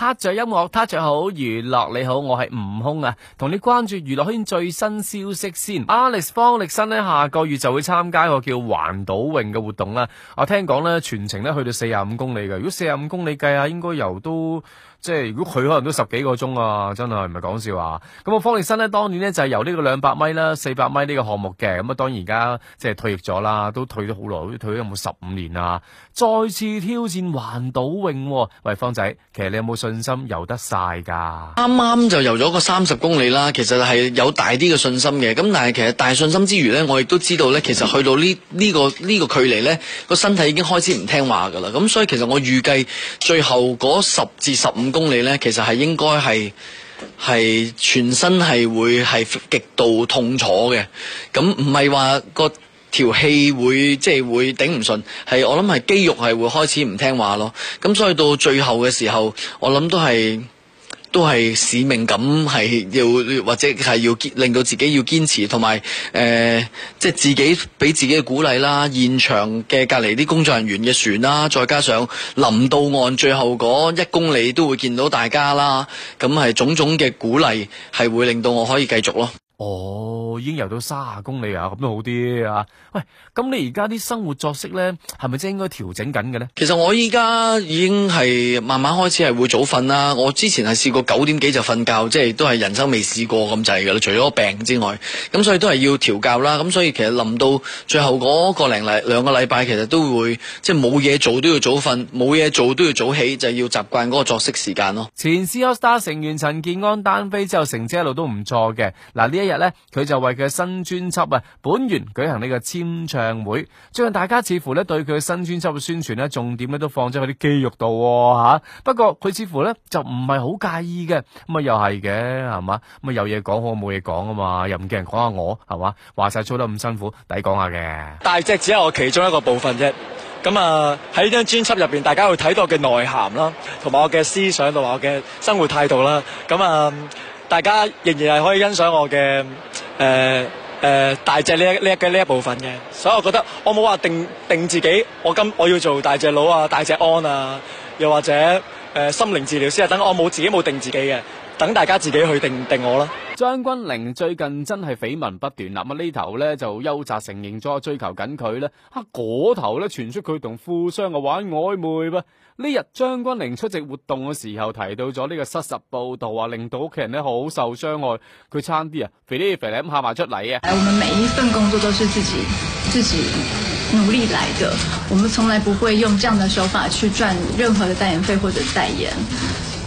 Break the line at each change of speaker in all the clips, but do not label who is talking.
聽着音樂，聽着好娛樂，你好，我係悟空啊，同你關注娛樂圈最新消息先。Alex 方力申呢，下個月就會參加個叫環島泳嘅活動啦。我聽講呢，全程呢去到四十五公里嘅，如果四十五公里計下，應該游都。即係如果佢可能都十幾個鐘啊，真係唔係講笑啊！咁啊，方力申呢，當年呢就係游呢個兩百米啦，四百米呢個項目嘅，咁啊當然而家即係退役咗啦，都退咗好耐，都退咗有冇十五年啊，再次挑戰環島泳啊，喂方仔，其實你有冇信心游得晒噶？
啱啱就游咗個三十公里啦，其實係有大啲嘅信心嘅，咁但係其實大信心之餘呢，我亦都知道呢，其實去到呢呢，呢個呢、呢個距離呢，個身體已經開始唔聽話噶啦，咁所以其實我預計最後嗰十至十五。公里咧，其實係應該係係全身係會係極度痛楚嘅，咁唔係話個條氣會即係、就是、會頂唔順，係我諗係肌肉係會開始唔聽話咯，咁所以到最後嘅時候，我諗都係。都係使命感，係要或者係要令到自己要堅持，同埋誒，即係自己俾自己嘅鼓勵啦。現場嘅隔籬啲工作人員嘅船啦，再加上臨到岸最後嗰一公里都會見到大家啦。咁係種種嘅鼓勵，係會令到我可以繼續咯。
哦，已經游到三十公里啊，咁都好啲啊！喂，咁你而家啲生活作息呢，係咪真係應該調整緊嘅呢？
其實我依家已經係慢慢開始係會早瞓啦。我之前係試過九點幾就瞓覺，即係都係人生未試過咁就係噶啦。除咗病之外，咁所以都係要調教啦。咁所以其實臨到最後嗰個零禮兩個禮拜，其實都會即係冇嘢做都要早瞓，冇嘢做都要早起，就係要習慣嗰個作息時間咯。
前 C AllStar 成員陳建安單飛之後，成績一路都唔錯嘅。嗱呢一日咧，佢就為佢嘅新專輯啊，本源舉行呢個簽唱會。最近大家似乎咧，對佢嘅新專輯嘅宣傳咧，重點咧，都放咗喺啲肌肉度吓，啊。不過佢似乎咧，就唔係好介意嘅。咁啊，又係嘅，係嘛？咁啊，有嘢講好冇嘢講啊嘛，又唔驚人講下我係嘛？話晒，粗得咁辛苦，抵講下嘅。大隻只係我其中一個部分啫。咁啊，喺呢張專輯入邊，大家會睇到我嘅內涵啦，同埋我嘅思想同埋我嘅生活態度啦。咁啊。嗯大家仍然係可以欣賞我嘅誒誒大隻呢一呢一嘅呢一部分嘅，所以我覺得我冇話定定自己，我今我要做大隻佬啊、大隻安啊，又或者誒、呃、心靈治療師啊，等我冇自己冇定自己嘅。等大家自己去定定我啦！張鈞甯最近真係緋聞不斷嗱，咁呢頭咧就邱澤承認咗追求緊佢咧，啊嗰頭咧傳出佢同富商啊玩曖昧噃。呢日張鈞甯出席活動嘅時候提到咗呢個失實報道，話令到屋企人咧好受傷害，佢差啲啊肥呢肥呢咁喊埋出嚟啊！我們每一份工作都是自己自己努力來的，
我們從來不會用這樣的手法去賺任何的代言費或者代言。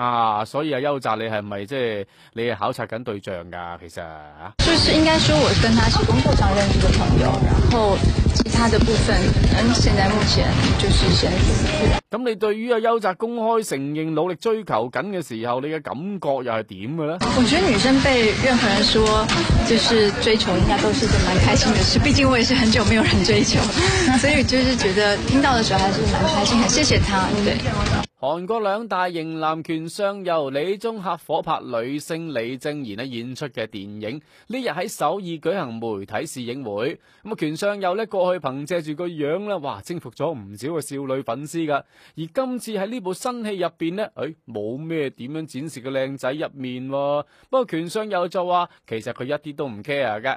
啊，所以啊，優澤你係咪即係你係考察緊對象噶？其實，啊，就是應
該說，我跟他是工作上認識嘅朋友，然後其他的部分，嗯，現在目前就是想。
咁你對於啊，優澤公開承認努力追求緊嘅時候，你嘅感覺又係點嘅呢？我覺得女
生被任何人說就是追求，應該都是一個蠻開心嘅事。畢竟我也是很久沒有人追求， 所以就是覺得聽到嘅時候還是蠻開心，很謝謝他，對。
韓國兩大型男權相佑、李鍾赫火拍女星李貞賢演出嘅電影，呢日喺首爾舉行媒體試映會。咁啊，權相佑過去憑借住個樣咧，哇，征服咗唔少嘅少，少女粉絲噶。而今次喺呢部新戲入邊咧，誒、欸，冇咩點樣展示個靚仔入面。不過權相佑就話，其實佢一啲
都唔 care 嘅。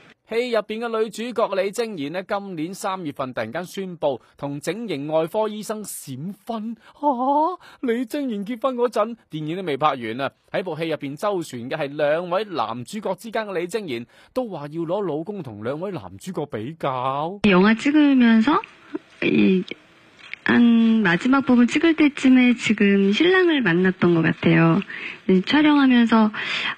戲入邊嘅女主角李貞賢咧，今年三月份突然間宣布同整形外科醫生閃婚。啊！李貞賢結婚嗰陣，電影都未拍完啊！喺部戲入邊周旋嘅係兩位男主角之間嘅李貞賢，都話要攞老公同兩位男主角比較。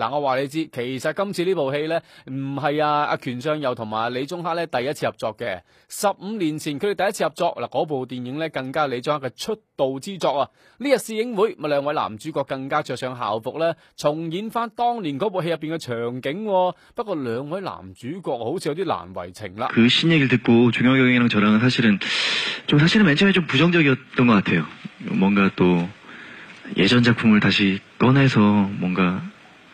嗱，我話你知，其實今次呢部戲呢，唔係呀，阿、權相佑同埋李宗赫呢，第一次合作嘅。15年前，佢哋第一次合作，呃、呃、呃、呃、
呃、呃、呃、呃、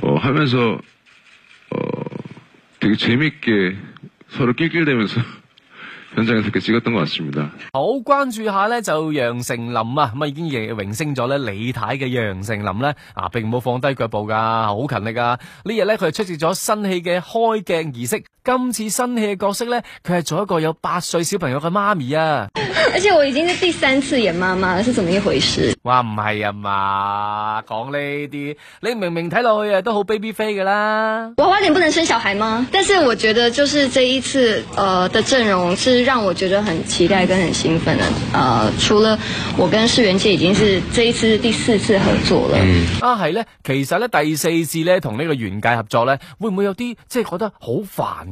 哦，哦， 好關注一下呢，就楊丞琳啊，咁啊已經榮榮升咗李太嘅楊丞琳呢，啊，並冇放低腳步噶，好勤力噶。呢日呢，佢係出席咗新戲嘅開鏡儀式。今次新戲嘅角色呢，佢係做一個有八歲小朋友嘅媽咪啊！
而且我已經是第三次演媽媽，是怎麼一回
事？哇唔係啊嘛，講呢啲，你明明睇落去啊都好 baby face 噶啦！
娃娃臉不能生小孩嗎？但是我覺得就是這一次，呃的陣容是讓我覺得很期待跟很興奮的，呃，除了我跟是元介已經是這一次第四次合作了、嗯、
啊係呢？其實呢，第四次呢，同呢個元介合作呢，會唔會有啲即係覺得好煩？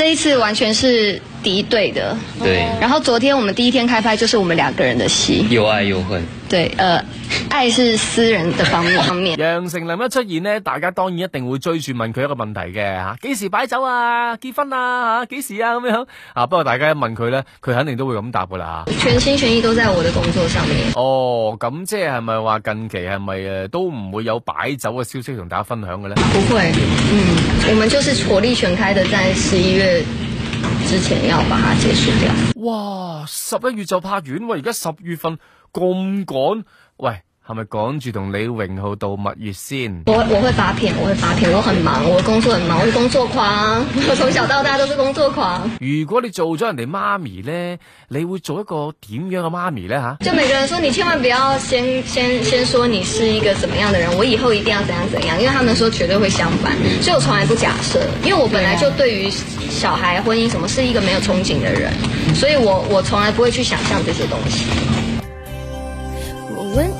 這一次完全是敵對的，對。然後昨天我們第一天開拍，就是我們
兩個人的戲，又愛又恨。對，呃，愛是私人的方面方面。楊丞琳一出現呢，大家當然一定會追住問佢一個問題嘅吓，幾時擺酒啊，結婚啊，吓，幾時啊咁樣啊？不過大家一問佢呢，佢肯定都會咁答噶啦。全心全意都在我的工作上面。哦，咁即係係咪話近期係咪誒都唔會有擺酒嘅消息同大家分享嘅呢？不
會，嗯，我們就是火力全開的，在十
一月。之前要把它結束掉。哇，
十一月就拍完，而家十月份咁趕，喂！係咪趕住同李榮浩度蜜月先？
我我會發片，我會發片，我很忙，我工作很忙，我是工作狂，我從小到大都是工作狂。
如果你做咗人哋媽咪呢，你會做一個點樣嘅媽咪呢？吓，就每
個人說，你千萬不要先先先說你是一個怎麼樣的人，我以後一定要怎樣怎樣，因為他們說絕對會相反，嗯、所以我從來不假設，因為我本來就對於小孩、婚姻什麼是一個沒有憧憬的人，嗯、所以我我從來不會去想象這些東西。嗯